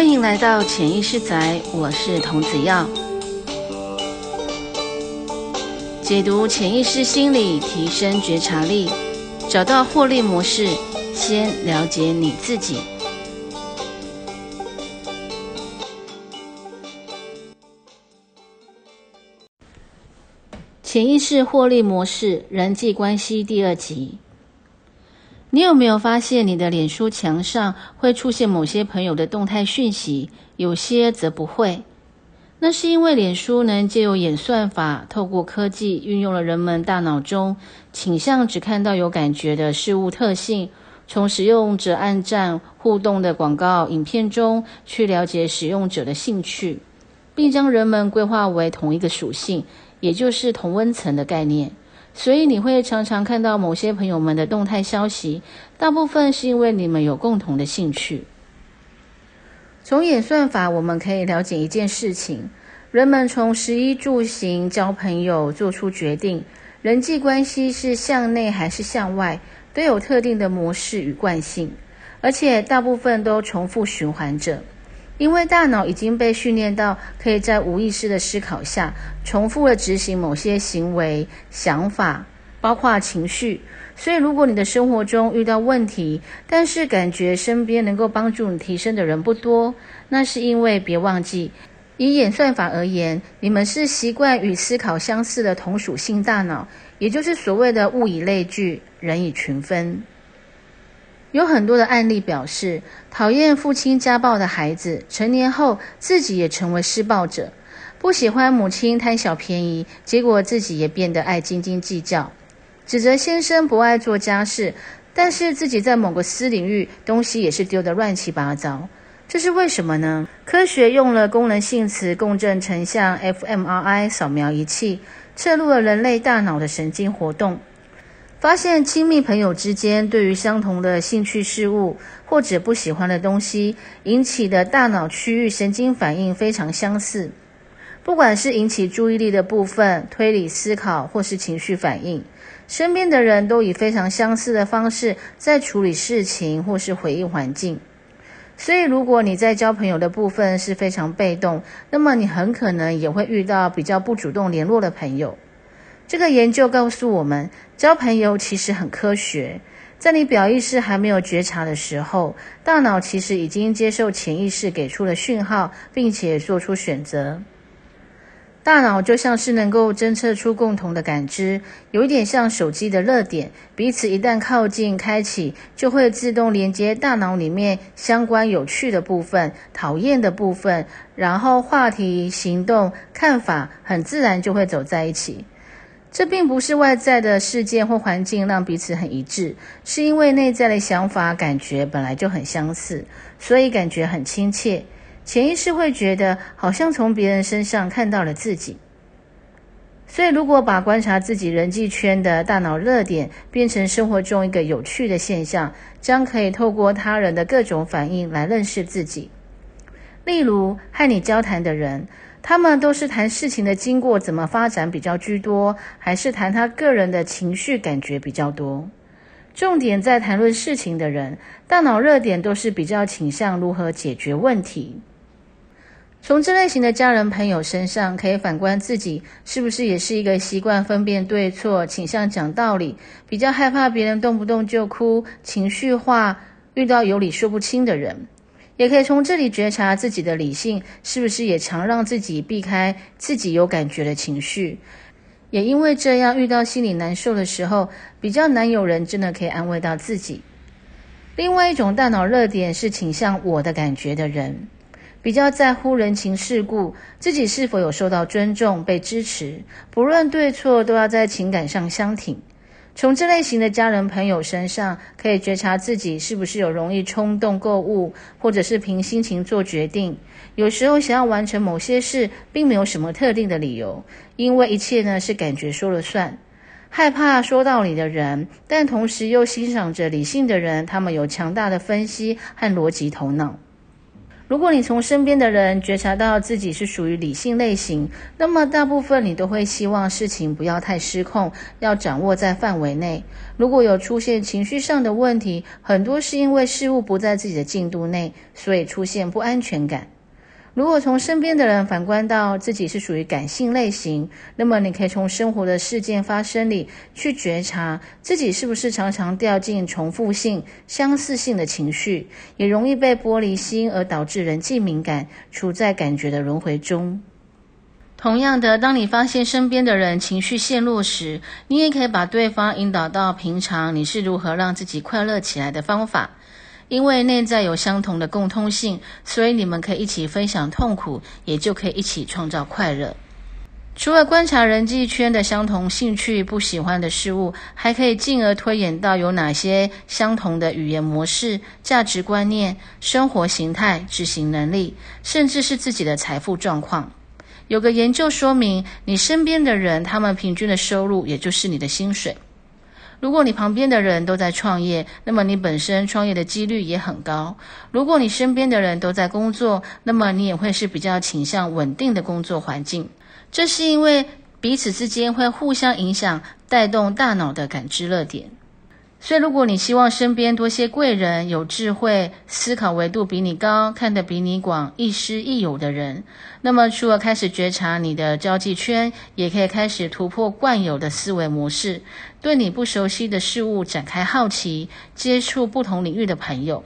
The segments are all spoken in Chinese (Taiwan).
歡迎來到潛意識宅，我是童子耀，解讀潛意識心理，提升覺察力，找到獲利模式，先了解你自己。潛意識獲利模式，人際關係第二集。你有沒有發現，你的臉書牆上會出現某些朋友的動態訊息，有些則不會？那是因為臉書能藉由演算法，透過科技運用了人們大腦中傾向只看到有感覺的事物特性，從使用者按讚互動的廣告影片中去了解使用者的興趣，並將人們歸化為同一個屬性，也就是同溫層的概念。所以你會常常看到某些朋友們的動態消息，大部分是因為你們有共同的興趣。從演算法我們可以了解一件事情：人們從食衣住行、交朋友做出決定，人際關係是向內還是向外，都有特定的模式與慣性，而且大部分都重複循環着。因為大腦已經被訓練到可以在無意識的思考下重複的執行某些行為、想法，包括情緒。所以，如果你的生活中遇到問題，但是感覺身邊能夠幫助你提升的人不多，那是因為別忘記，以演算法而言，你們是習慣與思考相似的同屬性大腦，也就是所謂的物以類聚，人以群分。有很多的案例表示，討厭父親家暴的孩子，成年後自己也成為施暴者；不喜歡母親貪小便宜，結果自己也變得愛斤斤計較；指責先生不愛做家事，但是自己在某個私領域東西也是丟得亂七八糟。這是為什麼呢？科學用了功能性磁共振成像 （fMRI） 掃描儀器，測錄了人類大腦的神經活動。發現親密朋友之間對於相同的興趣事物或者不喜歡的東西引起的大腦區域神經反應非常相似，不管是引起注意力的部分、推理思考或是情緒反應，身邊的人都以非常相似的方式在處理事情或是回應環境。所以，如果你在交朋友的部分是非常被動，那麼你很可能也會遇到比較不主動聯絡的朋友。這個研究告訴我們，交朋友其實很科學。在你表意識還沒有覺察的時候，大腦其實已經接受潛意識給出的訊號，並且做出選擇。大腦就像是能夠偵測出共同的感知，有一點像手機的熱點，彼此一旦靠近開啟，就會自動連接大腦裡面相關有趣的部分、討厭的部分，然後話題、行動、看法，很自然就會走在一起。這並不是外在的事件或環境讓彼此很一致，是因為內在的想法、感覺本來就很相似，所以感覺很親切。潛意識會覺得好像從別人身上看到了自己。所以，如果把觀察自己人際圈的大腦熱點變成生活中一個有趣的現象，將可以透過他人的各種反應來認識自己。例如，和你交談的人。他們都是談事情的經過怎麼發展比較居多，還是談他個人的情緒感覺比較多？重點在談論事情的人，大腦熱點都是比較傾向如何解決問題。從這類型的家人朋友身上，可以反觀自己是不是也是一個習慣分辨對錯、傾向講道理、比較害怕別人動不動就哭、情緒化，遇到有理說不清的人。也可以從這裡覺察自己的理性是不是也常讓自己避開自己有感覺的情緒，也因為這樣，遇到心裡難受的時候，比較難有人真的可以安慰到自己。另外一種大腦熱點是傾向我的感覺的人，比較在乎人情世故，自己是否有受到尊重、被支持，不論對錯，都要在情感上相挺。從這類型的家人朋友身上，可以覺察自己是不是有容易衝動購物，或者是憑心情做決定。有時候想要完成某些事，並沒有什麼特定的理由，因為一切呢是感覺說了算。害怕說道理的人，但同時又欣賞着理性的人，他們有強大的分析和邏輯頭腦。如果你從身邊的人覺察到自己是屬於理性類型，那麼大部分你都會希望事情不要太失控，要掌握在範圍內。如果有出現情緒上的問題，很多是因為事物不在自己的進度內，所以出現不安全感。如果從身邊的人反觀到自己是屬於感性類型，那麼你可以從生活的事件發生裡去覺察自己是不是常常掉進重複性、相似性的情緒，也容易被玻璃心，而導致人際敏感，處在感覺的輪回中。同樣的，當你發現身邊的人情緒陷落時，你也可以把對方引導到平常你是如何讓自己快樂起來的方法。因為內在有相同的共通性，所以你們可以一起分享痛苦，也就可以一起創造快樂。除了觀察人際圈的相同興趣、不喜歡的事物，還可以進而推演到有哪些相同的語言模式、價值觀念、生活形態、執行能力，甚至是自己的財富狀況。有個研究說明，你身邊的人，他們平均的收入也就是你的薪水。如果你旁邊的人都在創業，那麼你本身創業的幾率也很高。如果你身邊的人都在工作，那麼你也會是比較傾向穩定的工作環境。這是因為彼此之間會互相影響，帶動大腦的感知熱點。所以，如果你希望身邊多些貴人，有智慧、思考維度比你高、看得比你廣、亦師亦友的人，那麼除了開始覺察你的交際圈，也可以開始突破慣有的思維模式，對你不熟悉的事物展開好奇，接觸不同領域的朋友。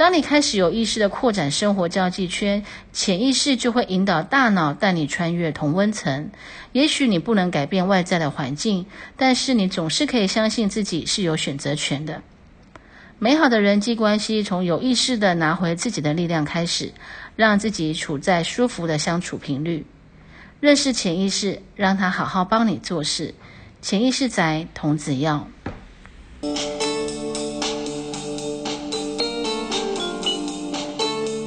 當你開始有意識地擴展生活交際圈，潛意識就會引導大腦帶你穿越同溫層。也許你不能改變外在的環境，但是你總是可以相信自己是有選擇權的。美好的人際關係從有意識地拿回自己的力量開始，讓自己處在舒服的相處頻率。認識潛意識，讓他好好幫你做事。潛意識宅童子藥。